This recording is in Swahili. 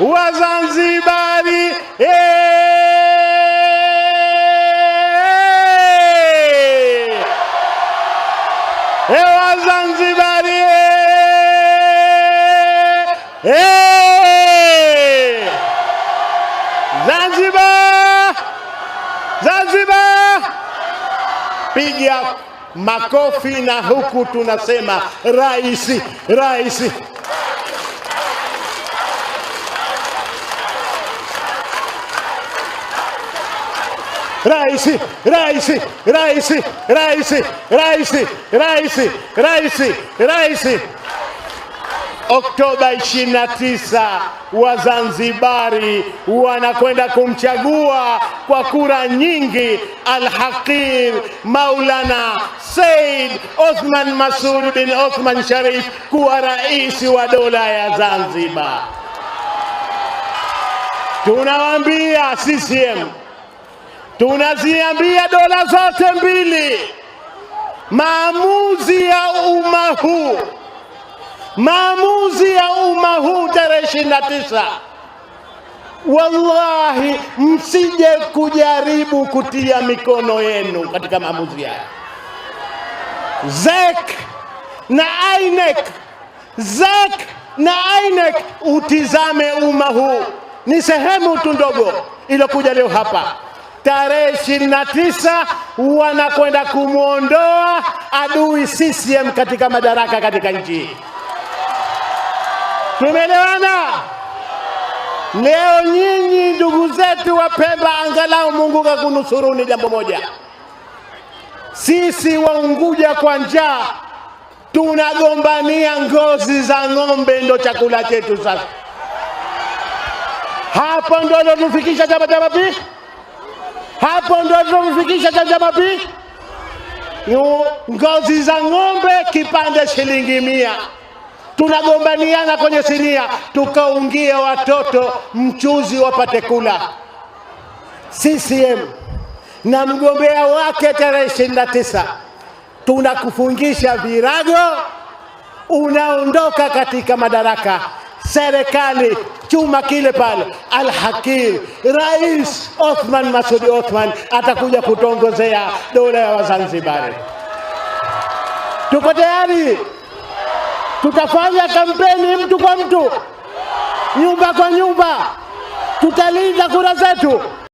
Wazanzibari hey! Eh! Hey, Wazanzibari eh! eh! Zanzibar, Zanzibar, piga makofi na huku tunasema rais, rais. Raisi, raisi raisi, raisi raisi raisi, raisi raisi. Oktoba 29 Wazanzibari wanakwenda kumchagua kwa kura nyingi Alhaqir Maulana Said Othman Masud bin Othman Sharif kuwa rais wa dola ya Zanzibar. Tunawaambia CCM Tunaziambia dola zote mbili, maamuzi ya umma huu, maamuzi ya umma huu tarehe ishirini na tisa, wallahi msije kujaribu kutia mikono yenu katika maamuzi haya. ZEC na INEC, ZEC na INEC, utizame umma huu. Ni sehemu tu ndogo iliyokuja leo hapa tarehe ishirini na tisa wanakwenda kumwondoa adui CCM katika madaraka katika nchi hii. Tumeelewana? Leo nyinyi ndugu zetu wa Pemba, angalau Mungu kakunusuruni jambo moja. Sisi Waunguja kwa njaa tunagombania ngozi za ng'ombe, ndo chakula chetu. Sasa hapo ndo lotufikisha Chama cha Mapinduzi. Hapo ndio alivyomfikisha Chanja mapinduzi ngozi za ng'ombe kipande shilingi mia, tunagombaniana kwenye sinia, tukaungie watoto mchuzi wapate kula. CCM na mgombea wake tarehe ishirini na tisa tunakufungisha virago, unaondoka katika madaraka serikali chuma kile pale Alhakir, Rais Othman Masudi Othman atakuja kutongozea dola ya Wazanzibari. Tuko tayari, tutafanya kampeni mtu kwa mtu, nyumba kwa nyumba, tutalinda kura zetu.